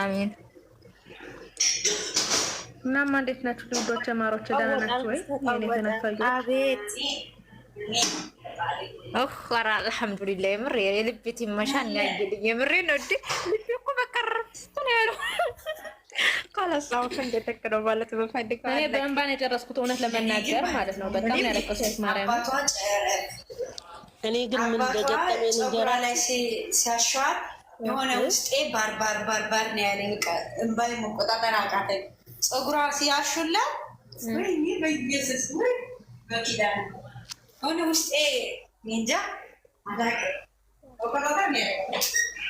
አሜን። እናማ እንዴት ናችሁ ልጆች? ተማሮች ደህና ናችሁ ወይ? የኔ ተነፋዩ አቤት ኧረ አልሐምዱሊላህ የምር የልቤት ይመሻል ያየልኝ የምሬ ነው። እድ ልቤ እኮ በቀረፍት ነው ያለው ካላሳሁት እንደተክ ነው ማለት በፈልገው እኔ በእንባን የጨረስኩት እውነት ለመናገር ማለት ነው። በጣም ያለቀሱት ማርያም እኔ ግን ምን በገጠመን እንጀራ ላይ ሲያሸዋል የሆነ ውስጤ ባርባር ባርባር ነው ያለኝ። እንባይ መቆጣጠር አቃተኝ። ፀጉሯ ሲያሹላ ወይ በኢየሱስ ወይ በኪዳን ሆነ ውስጤ እንጃ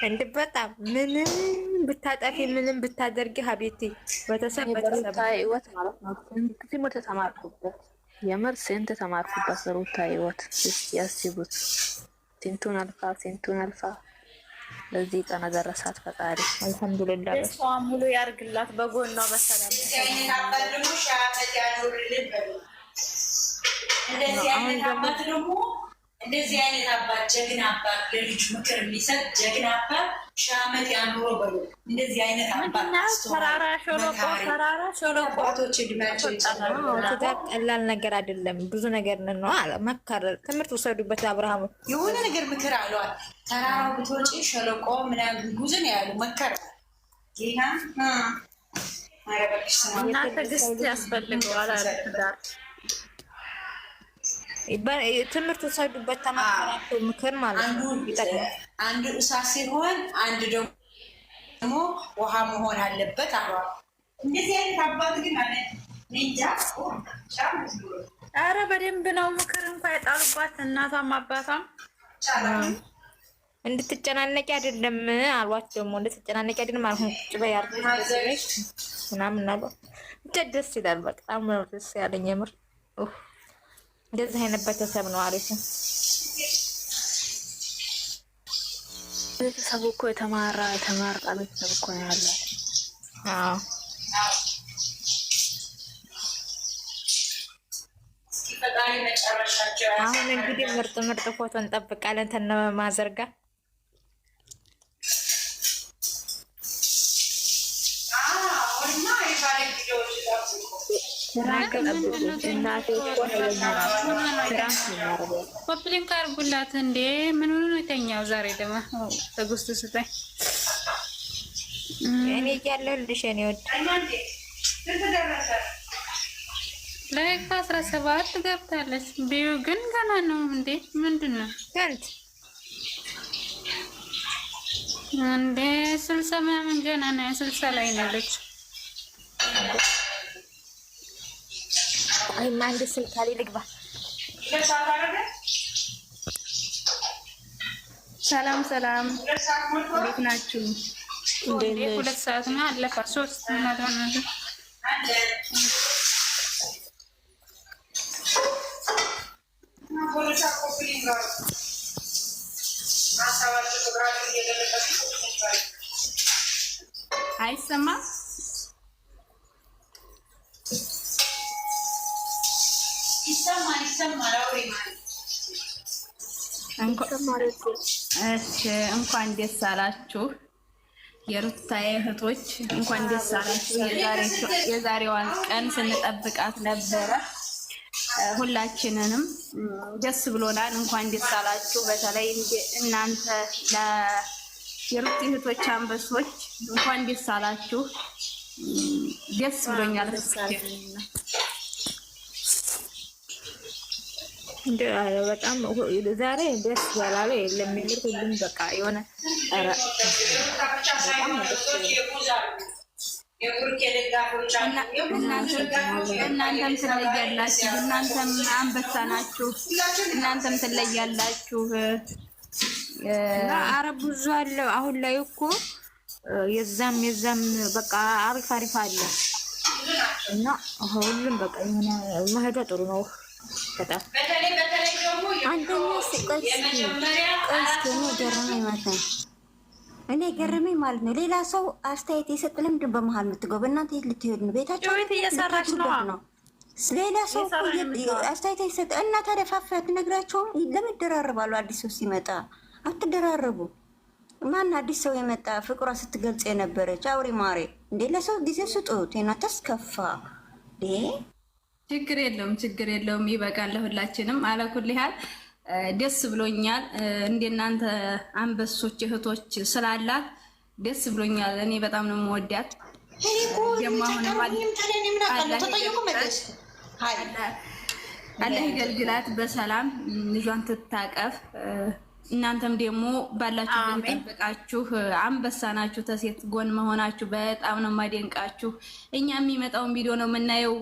እንድ በጣም ምንም ብታጠፊ ምንም ብታደርጊ ሀቤቴ በተሰብ በተሰብወት ማለት ነው። ትምህርት ተማርኩበት፣ የምር ስንት ተማርኩበት። ሩታ ህይወት ያስቡት። ስንቱን አልፋ ስንቱን አልፋ ለዚህ ቀን ደረሳት ፈጣሪ። አልሐምዱሊላህ ደስታዋን ሙሉ ያርግላት፣ በጎኗ በሰላም እንደዚህ አይነት አባት ጀግና አባት ለልጁ ምክር የሚሰጥ ጀግና አባት ሺህ ዓመት ያኑሮ በሉ። እንደዚህ አይነት አባቶች እድሜያቸው ቀላል ነገር አይደለም። ብዙ ነገር ነው ትምህርት ውሰዱበት። አብርሃም የሆነ ነገር ምክር አለዋል። ተራራው ብትወጪ ሸለቆ ምናምን ጉዞ ነው ያሉ እና ትዕግስት ያስፈልገዋል። ትምህርት ሰዱበት ተማራቸው ምክር ማለት ነው። አንዱ እሳ ሲሆን አንድ ደግሞ ውሃ መሆን አለበት አሉ። እንደዚህ አይነት አባት ግን አለ አረ በደንብ ነው ምክር እንኳ የጣሉባት እናታም አባታም እንድትጨናነቂ አይደለም አሏት። ደግሞ እንድትጨናነቂ አይደለም አልሆን ቁጭ በይ ምናምን አሏት። ደስ ይላል። በጣም ደስ ያለኝ የምር እንደዚህ አይነት ቤተሰብ ነው አሪፉ። ቤተሰቡ እኮ የተማራ የተማራ ቤተሰብ እኮ ነው ያለው። አዎ አሁን እንግዲህ ምርጥ ምርጥ ፎቶ እንጠብቃለን ተነማዘርጋ ስራ አርጉላት እንዴ ምን ሆኑ የተኛው ዛሬ ደግሞ ተጉስቱ ስጠኝ። እኔ እያለሁ ወድ ሰባት ገብታለች። ቢዩ ግን ገና ነው እንዴ ምንድን ነው እንዴ ስልሳ ምናምን ገና ነው። ስልሳ ላይ ነለች። ወይም አንድ ስልክ አለ ልግባ። ሰላም ሰላም፣ እንዴት ናችሁ? ሁለት ሰዓት ነው አለፈ። ሶስት አይሰማም እንኳን ደስ አላችሁ የሩታዬ እህቶች፣ እንኳን ደስ አላችሁ። የዛሬዋን ቀን ስንጠብቃት ነበረ። ሁላችንንም ደስ ብሎናል። እንኳን ደስ አላችሁ። በተለይ እናንተ የሩት እህቶች አንበሶች እንኳን ደስ አላችሁ። ደስ ብሎኛል። በጣም ዛሬ ደስ ያላለ የለም። የምር ሁሉም በቃ የሆነ እናንተም ትለያላችሁ፣ እናንተም አንበሳ ናችሁ፣ እናንተም ትለያላችሁ። አረ ብዙ አለ አሁን ላይ እኮ የዛም የዛም በቃ አሪፍ አሪፍ አለ እና ሁሉም በቃ የሆነ መሄዷ ጥሩ ነው። በጣም አንደኛ ስቆይ ስኪሆነ ገረመኝ ማለት ነው። እኔ ገረመኝ ማለት ነው። ሌላ ሰው አስተያየት የሰጥ ለምንድን በመሀል የምትገቡ እናንተ? የት ልትሄዱ ነው? ቤታቸው እየሰራች ነው። ሌላ ሰው አስተያየት የሰጥ እና ታዲያ አትነግራቸውም? ለምን ይደራረባሉ? አዲስ ሰው ሲመጣ አትደራረቡ። ማን አዲስ ሰው የመጣ ፍቅሯ ስትገልጽ የነበረች አውሪ ማሬ እንዴ! ለሰው ጊዜ ስጡት። ናተስከፋ ችግር የለውም፣ ችግር የለውም። ይበቃል ለሁላችንም። አለኩል ያህል ደስ ብሎኛል። እንደናንተ አንበሶች እህቶች ስላላት ደስ ብሎኛል። እኔ በጣም ነው የምወዳት። አላህ ይገልግላት በሰላም ልጇን ትታቀፍ። እናንተም ደግሞ ባላችሁ ጠብቃችሁ አንበሳ ናችሁ። ተሴት ጎን መሆናችሁ በጣም ነው ማደንቃችሁ። እኛ የሚመጣውን ቪዲዮ ነው የምናየው፣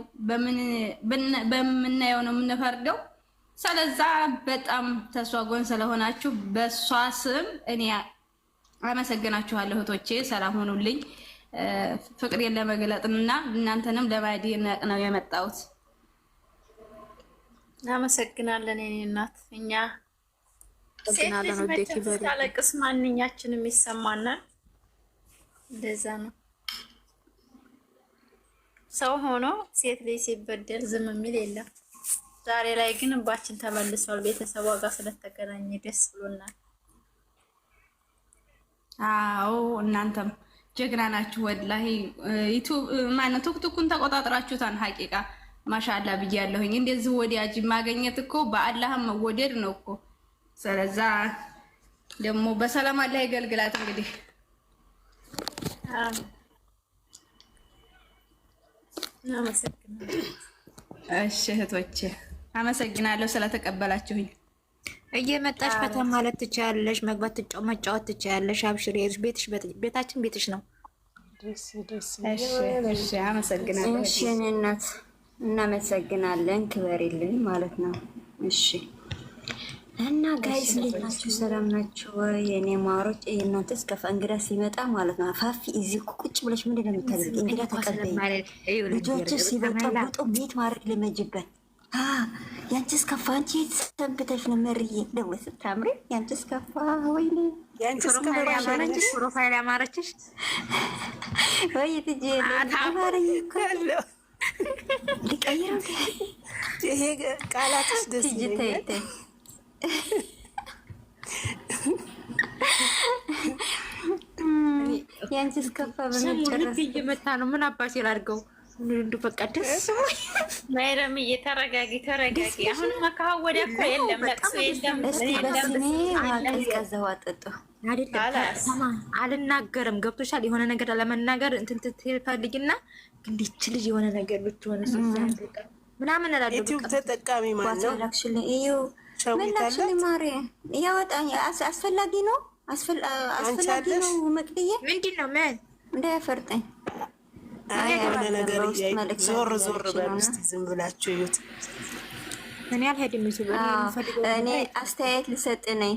በምናየው ነው የምንፈርደው። ስለዛ በጣም ተስፋ ጎን ስለሆናችሁ በሷ ስም እኔ አመሰግናችኋለሁ። እህቶቼ ሰላም ሆኑልኝ። ፍቅሬን ለመግለጥና እናንተንም ለማደነቅ ነው የመጣሁት። አመሰግናለን የኔ እናት እኛ ሴት ልጅ መቼም ማንኛችንም ይሰማናል። እንደዛ ነው። ሰው ሆኖ ሴት ልጅ ሲበደል ዝም የሚል የለም። ዛሬ ላይ ግን ባችን ተመልሷል። ቤተሰቧ ጋር ስለተገናኘ ደስ ብሎናል። አዎ እናንተም ጀግና ናችሁ። ወላሂ ማነው ቱክቱኩን ተቆጣጥራችሁታን ሀቂቃ ማሻላ ብያለሁኝ። እንደዚህ ወዲያጅ ማገኘት እኮ በአላህም መወደድ ነው እኮ ስለዛ ደግሞ በሰላም አለ ይገልግላት። እንግዲህ እሺ እህቶቼ አመሰግናለሁ ስለተቀበላችሁኝ። እየመጣሽ ፈታ ማለት ትችያለሽ፣ መግባት መጫወት ትችያለሽ። አብሽር ቤትሽ ቤታችን ቤትሽ ነው። አመሰግናለሁ። እሺ እኔ እናት እናመሰግናለን። ክበሪልን ማለት ነው። እሺ እና ጋይስ እንዴት ናችሁ? ሰላም ናችሁ ወይ? የኔ ማሮች እናንተ እስከፈ እንግዳ ሲመጣ ማለት ነው። ፋፊ እዚህ ቁጭ ብለሽ ምንድን ነው የምታደርጊው? እንግዳ ተቀበይ ልጆችሽ ሲበጠብጡ ቤት ማድረግ ልመጅበት። ያንቺ እስከፋ አንቺ የት ሰንብተሽ ነው? መርዬ ደግሞ ስታምሪ ያንቺ እስከፋ ወይኔ ፕሮፋይል ያማረችሽ ወይ ትጅ አማረኝ ልቀይረው ይሄ ቃላትሽ ደስ ይለኛል። እስከፋ በመጨረስ እየመታ ነው። ምን አባቴ ላድርገው? እንዱ በቃ ደስ ማይረምዬ፣ ተረጋጊ ተረጋጊ። አሁን እኮ የለም ለቅሶ የለም ቀዝቀዘው አጠጡ አልናገርም። ገብቶሻል? የሆነ ነገር ለመናገር እንትን ትፈልጊና እንዲች ልጅ የሆነ ነገር ብትሆነ ምናምን ላሉ ተጠቃሚ ማለት ነው ምላችን ማሪ ያወጣ አስፈላጊ ነው፣ አስፈላጊ ነው። መቅድዬ ምንድን ነው ምን እንዳያፈርጠኝ የሆነ ነገር ዞር ዞር በሉ ዝም ብላችሁ እዩት። እኔ አልሄድም። እሱ እኔ አስተያየት ልሰጥ ነኝ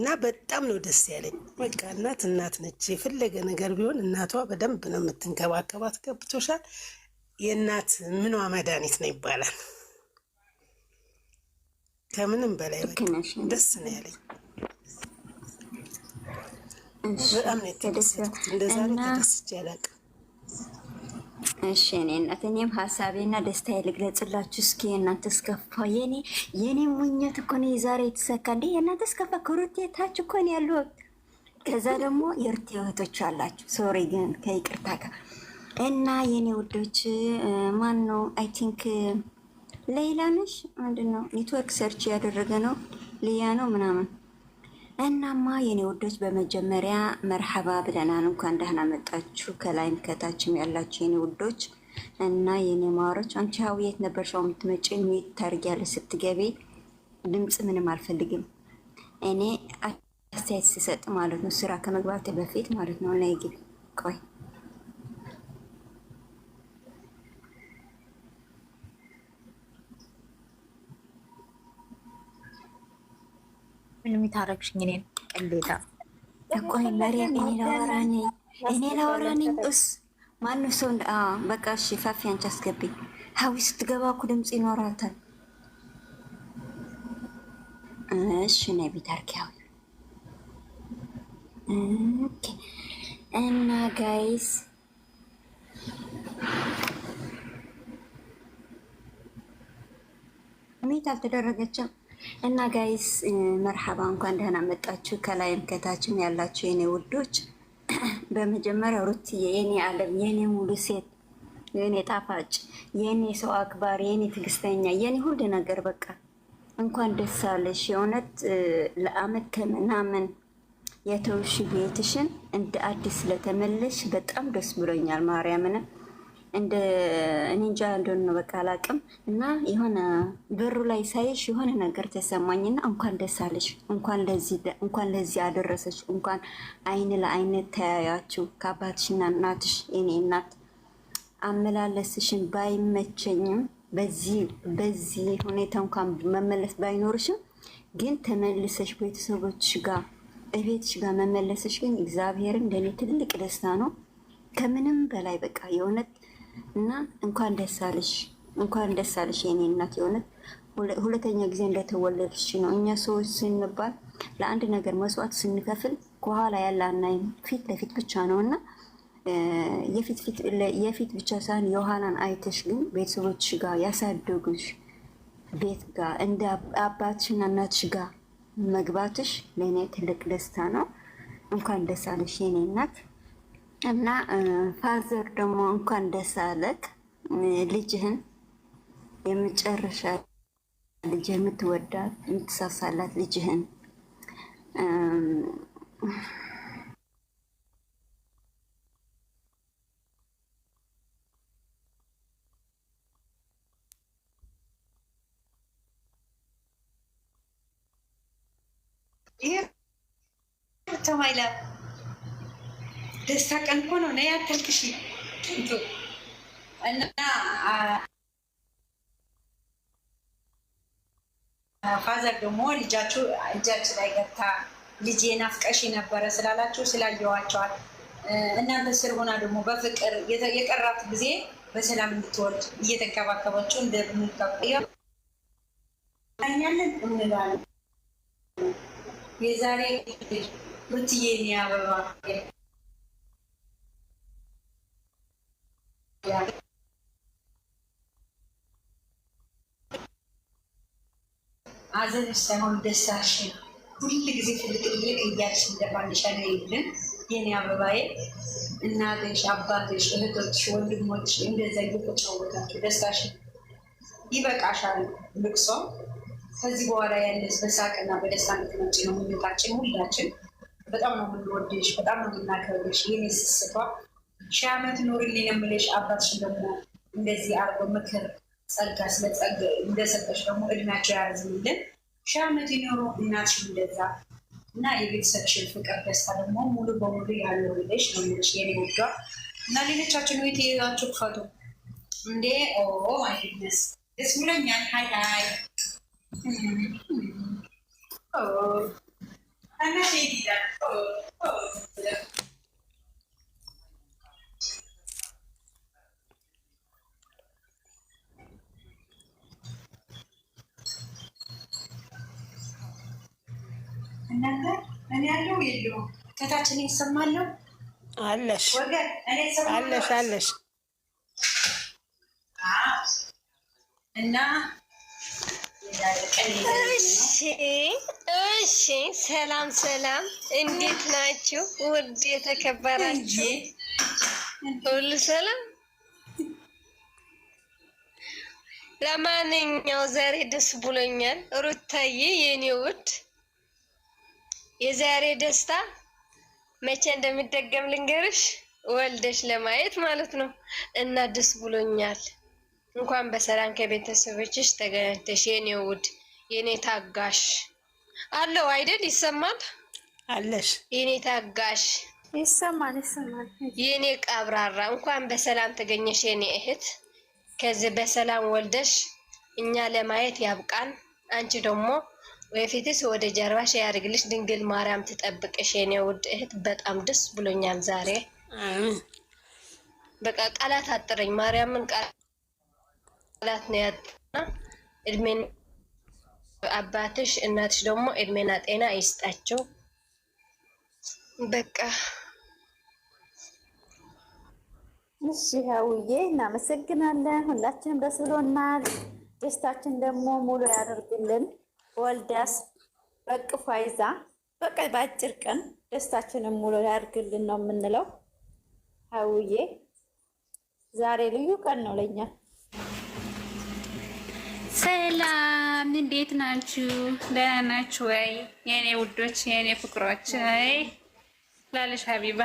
እና በጣም ነው ደስ ያለኝ። በቃ እናት እናት ነች። የፈለገ ነገር ቢሆን እናቷ በደንብ ነው የምትንከባከባት። ገብቶሻል? የእናት ምኗ መድኃኒት ነው ይባላል። ከምንም በላይ ደስ ነው ያለኝ። በጣም ነው የተደሰትኩት። እንደዛ ተደስቼ አላውቅም። እሺ እኔ እናት እኔም ሀሳቤና ደስታ ልግለጽላችሁ። እስኪ እናንተ እስከፋ የኔ የኔ ሙኘት እኮ ነው የዛሬ የተሰካ እንዴ! የእናንተ እስከፋ ከሩቴታች እኮ ነው ያለው። ከዛ ደግሞ የሩቴ እህቶች አላችሁ። ሶሪ ግን ከይቅርታ ጋር እና የኔ ውዶች ማን ነው? አይ ቲንክ ሌላ ነሽ ምንድን ነው ኔትወርክ ሰርች ያደረገ ነው ልያ ነው ምናምን እናማ የኔ ወዶች በመጀመሪያ መርሐባ ብለናል። እንኳን ደህና መጣችሁ ከላይም ከታችም ያላችሁ የኔ ውዶች እና የኔ ማሮች። አንቺ ሀው የት ነበር ሰው የምትመጪው ሚት ታርጊያለ ስትገቢ። ድምፅ ምንም አልፈልግም እኔ አስተያየት ስሰጥ ማለት ነው፣ ስራ ከመግባቴ በፊት ማለት ነው። እና ይግል ቆይ ምንም የታረግሽኝ እኔን ቅሌታ እኮ በሬ እኔ ላወራ እኔ ላወራ ነኝ። እስ ማንም ሰው በቃ እሺ፣ ፋፊ አንቺ አስገቢ። ሀዊ ስትገባ እኮ ድምፅ ይኖራታል። እሺ ነይ ቤት አድርጊ ሀዊ። እና ጋይስ ሚት አልተደረገችም። እና ጋይስ መርሐባ እንኳን ደህና መጣችሁ። ከላይም ከታችም ያላችሁ የኔ ውዶች፣ በመጀመሪያ ሩትዬ የኔ ዓለም የኔ ሙሉ ሴት የኔ ጣፋጭ የኔ ሰው አክባር የኔ ትግስተኛ የኔ ሁሉ ነገር በቃ እንኳን ደስ አለሽ። የእውነት ለአመት ከምናምን የተውሽ ቤትሽን እንደ አዲስ ስለተመለሽ በጣም ደስ ብሎኛል ማርያምንም እንደ እንጃ እንደሆነ በቃ አላቅም። እና የሆነ በሩ ላይ ሳይሽ የሆነ ነገር ተሰማኝና እንኳን ደስ አለሽ፣ እንኳን ለዚህ አደረሰች፣ እንኳን አይን ለአይነት ተያያችሁ ከአባትሽና እናትሽ። የኔ እናት አመላለስሽን ባይመቸኝም በዚህ በዚህ ሁኔታ እንኳን መመለስ ባይኖርሽም ግን ተመልሰሽ ቤተሰቦች ጋር እቤትሽ ጋር መመለስሽ ግን እግዚአብሔርን ለእኔ ትልቅ ደስታ ነው። ከምንም በላይ በቃ የእውነት እና እንኳን ደስ አለሽ፣ እንኳን ደስ አለሽ የኔ እናት። የሆነት ሁለተኛ ጊዜ እንደተወለድሽ ነው። እኛ ሰዎች ስንባል ለአንድ ነገር መስዋዕት ስንከፍል ከኋላ ያለ አናይም፣ ፊት ለፊት ብቻ ነው እና የፊት ብቻ ሳይሆን የኋላን አይተሽ ግን ቤተሰቦች ጋር ያሳደጉሽ ቤት ጋር እንደ አባትሽና እናትሽ ጋር መግባትሽ ለእኔ ትልቅ ደስታ ነው። እንኳን ደስ አለሽ የኔ እናት። እና ፋዘር ደግሞ እንኳን ደስ አለህ ልጅህን የመጨረሻ ልጅ የምትወዳት የምትሳሳላት ልጅህን ይህ ተማይላ ደስታ ቀን እኮ ነው። ነይ አታልቅሽ እና ፋዘር ደግሞ ልጃችሁ እጃችሁ ላይ ገብታ ልጄ ናፍቀሽ ነበረ ስላላችሁ ስላየዋቸዋል እናንተ ስር ሆና ደግሞ በፍቅር የቀራት ጊዜ በሰላም እንድትወልድ እየተንከባከባችሁ እንደምንቀያለን እንላለን። የዛሬ ሩትዬ አበባ ሐዘንሽ ሳይሆን ደስታሽ ሁል ጊዜ ፍልቅልቅ እያልሽ እንደባንሻ ነው ይልን የኔ አበባዬ። እናትሽ፣ አባትሽ፣ እህቶች፣ ወንድሞች እንደዛ እየተጫወታችሁ ደስታሽን ይበቃሻል ልቅሶ። ከዚህ በኋላ ያለ በሳቅና በደስታ ምትመጪ ነው ምኞታችን። ሁላችን በጣም ነው የምንወድሽ፣ በጣም ነው የምናከብርሽ የኔ ስስቷ ሺ ዓመት ኑሪልኝ ነው የምልሽ። አባትሽ ደግሞ እንደዚህ አርጎ ምክር ጸጋ ስለጸግ እንደሰጠሽ ደግሞ እድሜያቸው ያረዝምልን ሺህ ዓመት ይኖሩ እናትሽ እንደዛ እና የቤተሰብሽን ፍቅር ደስታ ደግሞ ሙሉ በሙሉ ያኖርልሽ ነው የምልሽ የኔ ውዷ። እና ሌሎቻችን ወይ ተይዛችሁ ክፈቱ እንዴ! ኦ ማይ ደስ ብሎኛል። ሀይ ሀይ እና ሴት ይላል እኔ ያለው የለውም። ከታች ይሰማለሁ። አለሽ አለሽ አለሽ እና እሺ እሺ። ሰላም ሰላም፣ እንዴት ናችሁ ውድ የተከበራችሁ? ሁሉ ሰላም። ለማንኛው ዛሬ ደስ ብሎኛል ሩታዬ የኔ ውድ የዛሬ ደስታ መቼ እንደሚደገም ልንገርሽ፣ ወልደሽ ለማየት ማለት ነው። እና ደስ ብሎኛል። እንኳን በሰላም ከቤተሰቦችሽ ተገናኝተሽ የኔ ውድ የኔ ታጋሽ አለው አይደል? ይሰማል አለሽ የኔ ታጋሽ ይሰማል፣ ይሰማል የኔ ቀብራራ። እንኳን በሰላም ተገኘሽ የኔ እህት። ከዚህ በሰላም ወልደሽ እኛ ለማየት ያብቃን። አንቺ ደግሞ ወደፊትስ ወደ ጀርባሽ ያድርግልሽ። ድንግል ማርያም ትጠብቅሽ። የኔ ውድ እህት በጣም ደስ ብሎኛል ዛሬ። በቃ ቃላት አጥረኝ ማርያምን ቃላት ነው ያጥና። እድሜን አባትሽ እናትሽ ደግሞ እድሜና ጤና ይስጣቸው። በቃ እሺ ሀውዬ እናመሰግናለን። ሁላችንም ደስ ብሎናል። ደስታችን ደግሞ ሙሉ ያደርግልን። ወልዳስ በቅፏ ይዛ በቃ በአጭር ቀን ደስታችንን ሙሉ ያድርግልን ነው የምንለው። ሀውዬ ዛሬ ልዩ ቀን ነው ለኛ። ሰላም እንዴት ናችሁ? ደህና ናችሁ ወይ? የእኔ ውዶች፣ የእኔ ፍቅሮች ላለሽ ሀቢባ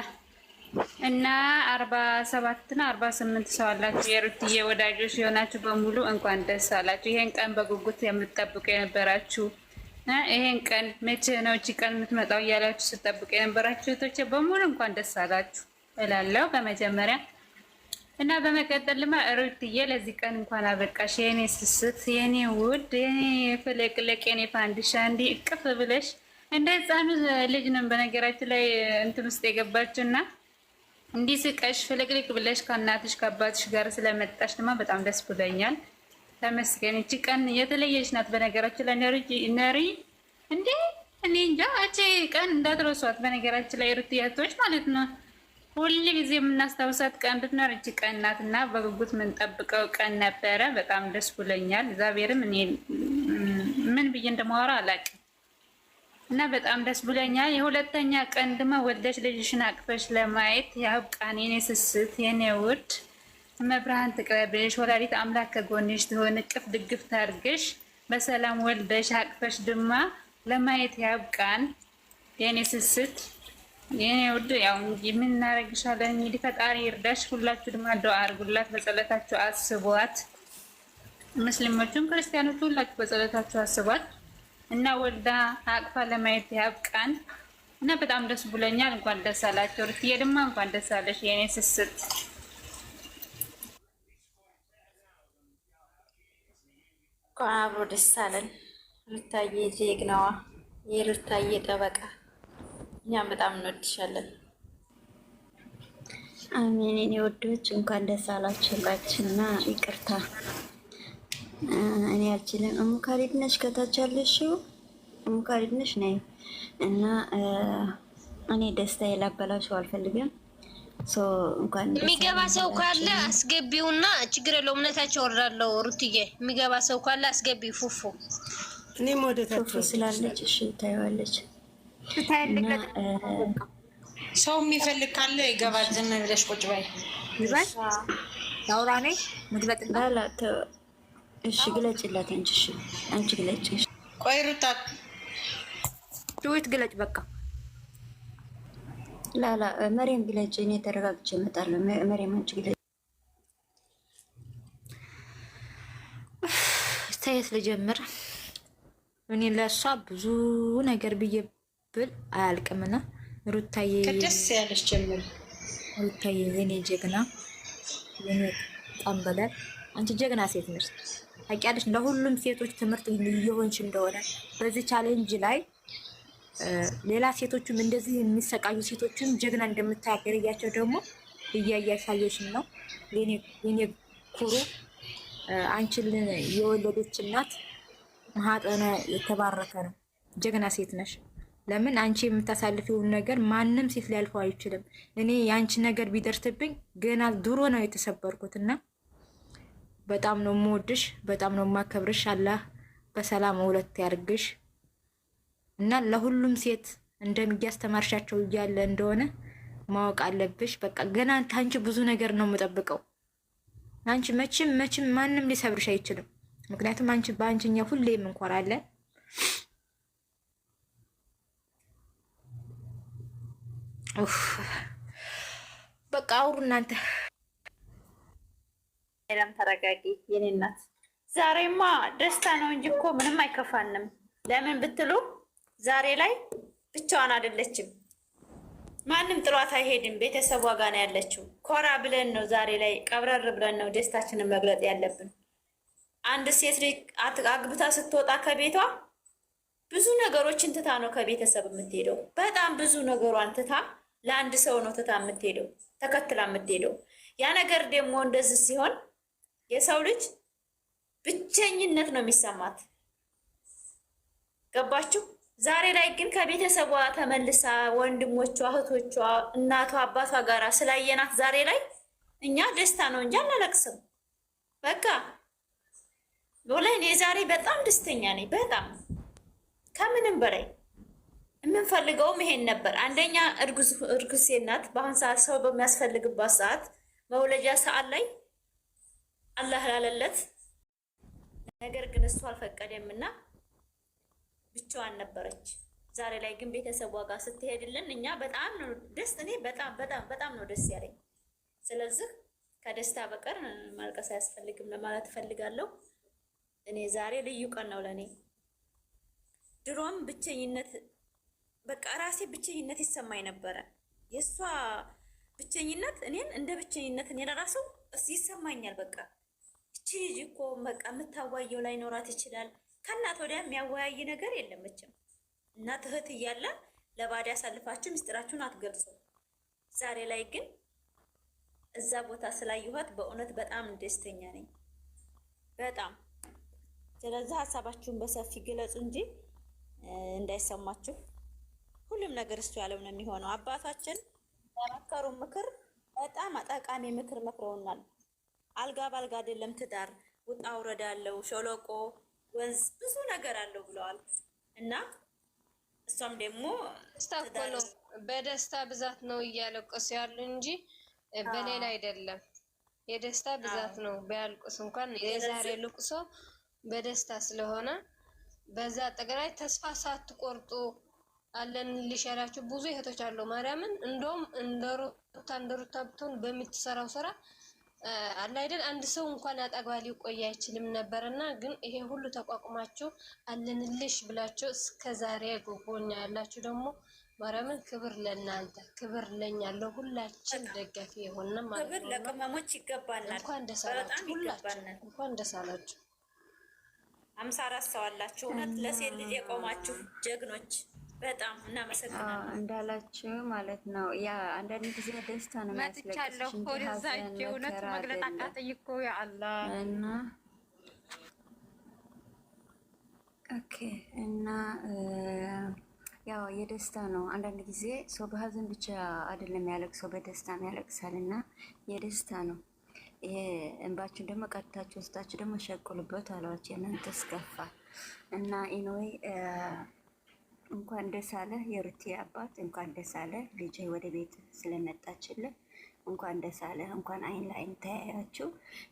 እና አርባ ሰባትና አርባ ስምንት ሰው አላችሁ የሩትዬ ወዳጆች የሆናችሁ በሙሉ እንኳን ደስ አላችሁ። ይሄን ቀን በጉጉት የምትጠብቁ የነበራችሁ ይሄን ቀን መቼ ነው እቺ ቀን የምትመጣው እያላችሁ ስጠብቁ የነበራችሁ እህቶቼ በሙሉ እንኳን ደስ አላችሁ እላለሁ በመጀመሪያ እና በመቀጠል ልማ ሩትዬ ለዚህ ቀን እንኳን አበቃሽ የኔ ስስት፣ የኔ ውድ፣ የኔ ፍለቅለቅ፣ የኔ ፋንዲሻ እንዲህ እቅፍ ብለሽ እንደ ህፃኑ ልጅ ነው በነገራችን ላይ እንትን ውስጥ የገባችሁና። እና እንዲህ ስቀሽ ፍልቅልቅ ብለሽ ከእናትሽ ከአባትሽ ጋር ስለመጣሽ ድማ በጣም ደስ ብሎኛል። ተመስገን። እቺ ቀን የተለየች ናት። በነገራችን ላይ ነሪ እንዴ እኔ እንጃ እቺ ቀን እንዳትረሷት። በነገራችን ላይ ሩትያቶች ማለት ነው ሁል ጊዜ የምናስታውሳት ቀን ብትኖር እቺ ቀን ናት እና በጉጉት የምንጠብቀው ቀን ነበረ። በጣም ደስ ብሎኛል። እግዚአብሔርም እኔ ምን ብዬ እንደማወራ አላውቅም። እና በጣም ደስ ብሎኛል። የሁለተኛ ቀን ድማ ወልደሽ ልጅሽን አቅፈሽ ለማየት ያብቃን የኔ ስስት የኔ ውድ መብርሃን ትቅረብሽ፣ ወላዲት አምላክ ከጎንሽ ትሆን፣ እቅፍ ድግፍ ታርግሽ፣ በሰላም ወልደሽ አቅፈሽ ድማ ለማየት ያብቃን የኔ ስስት የኔ ውድ። ያው እንግዲህ ምን እናደርግሻለን እንግዲህ ፈጣሪ ይርዳሽ። ሁላችሁ ድማ ደ አርጉላት፣ በጸሎታችሁ አስቧት። ሙስሊሞቹም ክርስቲያኖቹ ሁላችሁ በጸሎታችሁ አስቧት። እና ወልዳ አቅፋ ለማየት ያብቃን እና በጣም ደስ ብሎኛል። እንኳን ደስ አላቸው። ርትዬ ድማ እንኳን ደስ አለሽ የኔ ስስት። እንኳን አብሮ ደስ አለን። ሩታዬ ጀግናዋ፣ የሩታዬ ጠበቃ፣ እኛም በጣም እንወድሻለን። አሜን። የኔ ወዶች እንኳን ደስ አላችሁላችሁና ይቅርታ እኔ አልችልም። እሙካሪድ ነሽ ከታች ያለሽው እሙካሪድ ነሽ ነይ እና እኔ ደስታ የላበላሽው አልፈልግም። የሚገባ ሰው ካለ አስገቢውና ችግር የለው እምነታቸው ወርዳለው። ሩትዬ የሚገባ ሰው ካለ አስገቢ። ፉፉ እኔም ፉፉ ስላለች እሺ ታየዋለች። ሰው የሚፈልግ ካለ ይገባል። ዝም ብለሽ ቁጭ በይ። ይባል ያውራኔ ነይ ምትበጥ እሺ ግለጭላት እንጂ እሺ፣ አንቺ ግለጭ። ቆይ ሩታ ዱዊት ግለጭ። በቃ ላላ መሬም ግለጭ። እኔ ተረጋግቼ እመጣለሁ። መሬም አንቺ ግለጭ። አስተያየት ልጀምር። እኔ ለእሷ ብዙ ነገር ብዬ ብል አያልቅምና ሩታዬ፣ ከደስ ያለሽ ጀምር። ሩታዬ የኔ ጀግና፣ የኔ ጣም አንቺ ጀግና ሴት ነሽ። ታውቂያለሽ ለሁሉም ሴቶች ትምህርት እየሆንሽ እንደሆነ በዚህ ቻሌንጅ ላይ ሌላ ሴቶችም እንደዚህ የሚሰቃዩ ሴቶችም ጀግና እንደምታገርያቸው ደግሞ እያያሳየሽን ነው። የኔ ኩሩ አንቺን የወለዶች እናት ማህፀነ የተባረከ ነው። ጀግና ሴት ነሽ። ለምን አንቺ የምታሳልፊውን ነገር ማንም ሴት ሊያልፈው አይችልም። እኔ የአንቺ ነገር ቢደርስብኝ ገና ድሮ ነው የተሰበርኩት እና በጣም ነው የምወድሽ፣ በጣም ነው የማከብርሽ። አላህ በሰላም ሁለት ያርግሽ እና ለሁሉም ሴት እንደሚያስተማርሻቸው እያለ እንደሆነ ማወቅ አለብሽ። በቃ ገና ታንቺ ብዙ ነገር ነው የምጠብቀው። አንቺ መቼም መቼም ማንም ሊሰብርሽ አይችልም። ምክንያቱም አንቺ በአንቺ እኛ ሁሌም እንኮራለን። በቃ አውሩ እናንተ። ሜዳም ተረጋጊ የኔ እናት። ዛሬማ ደስታ ነው እንጂ እኮ ምንም አይከፋንም። ለምን ብትሉ ዛሬ ላይ ብቻዋን አይደለችም። ማንም ጥሏት አይሄድም። ቤተሰቧ ጋ ነው ያለችው። ኮራ ብለን ነው ዛሬ ላይ ቀብረር ብለን ነው ደስታችንን መግለጥ ያለብን። አንድ ሴት ልጅ አግብታ ስትወጣ ከቤቷ ብዙ ነገሮችን ትታ ነው ከቤተሰብ የምትሄደው። በጣም ብዙ ነገሯን ትታ ለአንድ ሰው ነው ትታ የምትሄደው፣ ተከትላ የምትሄደው። ያ ነገር ደግሞ እንደዚህ ሲሆን የሰው ልጅ ብቸኝነት ነው የሚሰማት። ገባችሁ? ዛሬ ላይ ግን ከቤተሰቧ ተመልሳ ወንድሞቿ፣ እህቶቿ፣ እናቷ፣ አባቷ ጋር ስላየናት ዛሬ ላይ እኛ ደስታ ነው እንጂ አናለቅስም። በቃ ወላሂ እኔ ዛሬ በጣም ደስተኛ ነኝ። በጣም ከምንም በላይ የምንፈልገውም ይሄን ነበር። አንደኛ እርጉዝ ሴት ናት። በአሁን ሰዓት ሰው በሚያስፈልግባት ሰዓት መውለጃ ሰዓት ላይ አላህ ላለለት ነገር ግን እሱ አልፈቀደም እና ብቻዋን ነበረች። ዛሬ ላይ ግን ቤተሰቧ ጋር ስትሄድልን እኛ በጣም ነው ደስ እኔ በጣም በጣም በጣም ነው ደስ ያለኝ። ስለዚህ ከደስታ በቀር ማልቀስ አያስፈልግም ለማለት እፈልጋለሁ። እኔ ዛሬ ልዩ ቀን ነው ለእኔ። ድሮም ብቸኝነት በቃ ራሴ ብቸኝነት ይሰማኝ ነበረ። የእሷ ብቸኝነት እኔን እንደ ብቸኝነት እኔ ለራሱ ይሰማኛል በቃ እኮ በቃ የምታዋየው ላይ ኖራት ይችላል። ከእናት ወዲያ የሚያወያይ ነገር የለም። መቼም እናት እህት እያለ ለባዳ ያሳልፋችሁ ምስጢራችሁን አትገልጹ። ዛሬ ላይ ግን እዛ ቦታ ስላየኋት በእውነት በጣም ደስተኛ ነኝ። በጣም ስለዚህ ሀሳባችሁን በሰፊ ግለጹ እንጂ እንዳይሰማችሁ። ሁሉም ነገር እሱ ያለው ነው የሚሆነው። አባታችን በመከሩ ምክር በጣም ጠቃሚ ምክር መክረውናል። አልጋ ባልጋ አይደለም ትዳር ውጣ ውረድ አለው፣ ሸለቆ፣ ወንዝ ብዙ ነገር አለው ብለዋል እና እሷም ደግሞ ስታኮሎ በደስታ ብዛት ነው እያለቀሱ ያሉ እንጂ በሌላ አይደለም። የደስታ ብዛት ነው። ቢያልቁስ እንኳን የዛሬ ልቅሶ በደስታ ስለሆነ በዛ ጠቅላይ ተስፋ ሳትቆርጡ አለን ልሻላችሁ ብዙ እህቶች አሉ። ማርያምን እንደውም እንደ እንደሩታ እንደ ሩታ ብትሆን በምትሰራው ስራ አለ አይደል አንድ ሰው እንኳን አጠገባ ሊቆይ አይችልም ነበርና ግን ይሄ ሁሉ ተቋቁማችሁ አለንልሽ ብላችሁ እስከ ዛሬ ጎጎኛ ያላችሁ ደግሞ ማርያምን ክብር ለእናንተ ክብር ለኛ ለሁላችን ደጋፊ የሆነ ማለት ነው። ክብር ለቅመሞች ይገባናል። እንኳን ደስ አላችሁ ሁላችሁ፣ እንኳን ደስ አላችሁ። አምሳ አራት ሰው አላችሁ። እውነት ለሴት ልጅ የቆማችሁ ጀግኖች በጣም እንዳላችሁ ማለት ነው። ያ አንዳንድ ጊዜ ደስታ ነው መጥቻለሁ እና ኦኬ እና ያው የደስታ ነው። አንዳንድ ጊዜ ሰው በሀዘን ብቻ አይደለም ያለቅ ያለቅሰው በደስታም ያለቅሳል እና የደስታ ነው። ይሄ እንባችሁን ደግሞ ቀድታችሁ ወስዳችሁ ደግሞ ሸቁልበት አሏቸው። እናንተስ ከፋ እና ኢንወይ እንኳን ደስ አለ የሩቲ አባት፣ እንኳን ደስ አለ ልጄ ወደ ቤት ስለመጣችልን እንኳን ደስ አለ። እንኳን አይን ለአይን ተያያችሁ።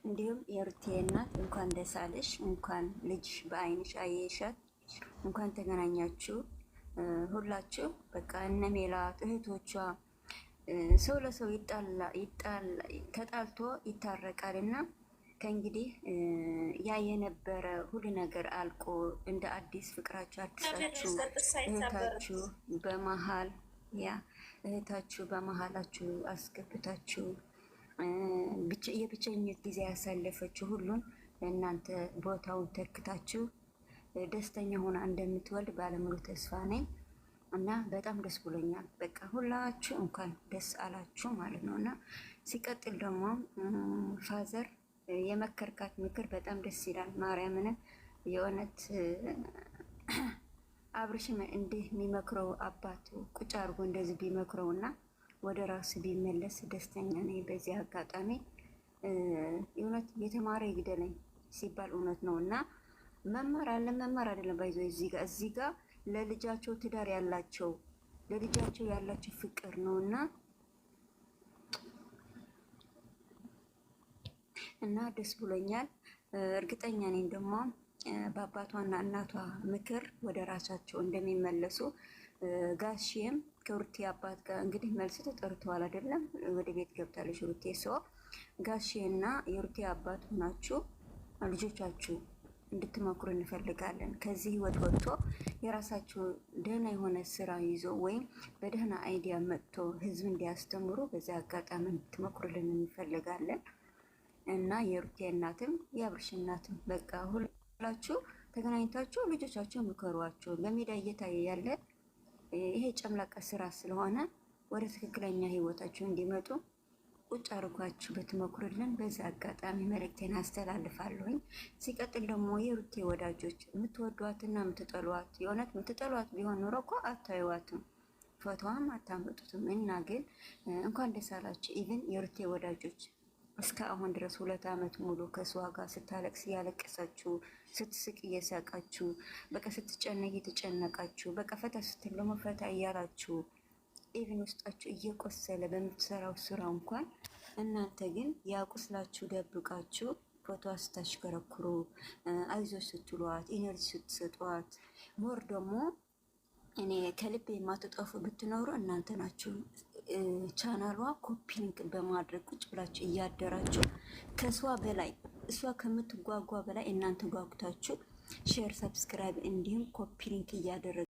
እንዲሁም የሩቲ እናት እንኳን ደስ አለሽ፣ እንኳን ልጅሽ በአይንሽ አየሻት፣ እንኳን ተገናኛችሁ። ሁላችሁ በቃ እነ ሜላት እህቶቿ ሰው ለሰው ተጣልቶ ይታረቃልና ከእንግዲህ ያ የነበረ ሁሉ ነገር አልቆ እንደ አዲስ ፍቅራችሁ አዲሳችሁ እህታችሁ በመሀል ያ እህታችሁ በመሀላችሁ አስገብታችሁ የብቸኝነት ጊዜ ያሳለፈችው ሁሉን እናንተ ቦታውን ተክታችሁ ደስተኛ ሆና እንደምትወልድ ባለሙሉ ተስፋ ነኝ እና በጣም ደስ ብሎኛል። በቃ ሁላችሁ እንኳን ደስ አላችሁ ማለት ነው እና ሲቀጥል ደግሞ ፋዘር የመከርካት ምክር በጣም ደስ ይላል። ማርያምን የእውነት አብርሽም እንዲህ የሚመክረው አባቱ ቁጭ አድርጎ እንደዚህ ቢመክረው እና ወደ ራሱ ቢመለስ ደስተኛ ነኝ። በዚህ አጋጣሚ እውነት የተማረ ይግደለኝ ሲባል እውነት ነው እና መማር አለ መማር አይደለም ባይዞ እዚህ ጋር እዚህ ጋር ለልጃቸው ትዳር ያላቸው ለልጃቸው ያላቸው ፍቅር ነው እና እና ደስ ብሎኛል። እርግጠኛ ነኝ ደግሞ በአባቷና እናቷ ምክር ወደ ራሳቸው እንደሚመለሱ ጋሽም ከሩቴ አባት ጋር እንግዲህ መልስ ተጠርተዋል አይደለም? ወደ ቤት ገብታለች ሩቴ ሰው እና የሩቴ አባት ሆናችሁ ልጆቻችሁ እንድትመክሩ እንፈልጋለን። ከዚህ ህይወት ወጥቶ የራሳቸው ደህና የሆነ ስራ ይዞ ወይም በደህና አይዲያ መጥቶ ህዝብ እንዲያስተምሩ በዚህ አጋጣሚ እንድትመክሩልን እንፈልጋለን። እና የሩቴ እናትም የአብርሽ እናትም በቃ ሁላችሁ ተገናኝታችሁ ልጆቻቸው ምከሯቸው። በሜዳ እየታየ ያለ ይሄ ጨምላቃ ስራ ስለሆነ ወደ ትክክለኛ ህይወታቸው እንዲመጡ ቁጭ አርጓችሁ ብትመኩርልን በዛ አጋጣሚ መልእክቴን አስተላልፋለሁኝ። ሲቀጥል ደግሞ የሩኬ ወዳጆች የምትወዷትና የምትጠሏት የእውነት የምትጠሏት ቢሆን ኖሮ እኮ አታዩዋትም፣ ፎቶዋም አታመጡትም። እና ግን እንኳን ደስ አላችሁ ኢቭን የሩኬ ወዳጆች እስከ አሁን ድረስ ሁለት ዓመት ሙሉ ከእሷ ጋር ስታለቅስ እያለቀሳችሁ፣ ስትስቅ እየሳቃችሁ፣ በቃ ስትጨነቅ እየተጨነቃችሁ፣ በቃ ፈታ ስትል ደግሞ ፈታ እያላችሁ ኢቭን ውስጣችሁ እየቆሰለ በምትሰራው ስራ እንኳን እናንተ ግን ያቁስላችሁ ደብቃችሁ ፎቶ ስታሽከረክሩ አይዞች ስትሏት ኢነርጂ ስትሰጧት ሞር ደግሞ እኔ ከልቤ የማትጠፉ ብትኖሩ እናንተ ናችሁ። ቻናሏ ኮፒንግ በማድረግ ቁጭ ብላችሁ እያደራችሁ ከሷ በላይ እሷ ከምትጓጓ በላይ እናንተ ጓጉታችሁ ሼር፣ ሰብስክራይብ እንዲሁም ኮፒ ሊንክ እያደረገ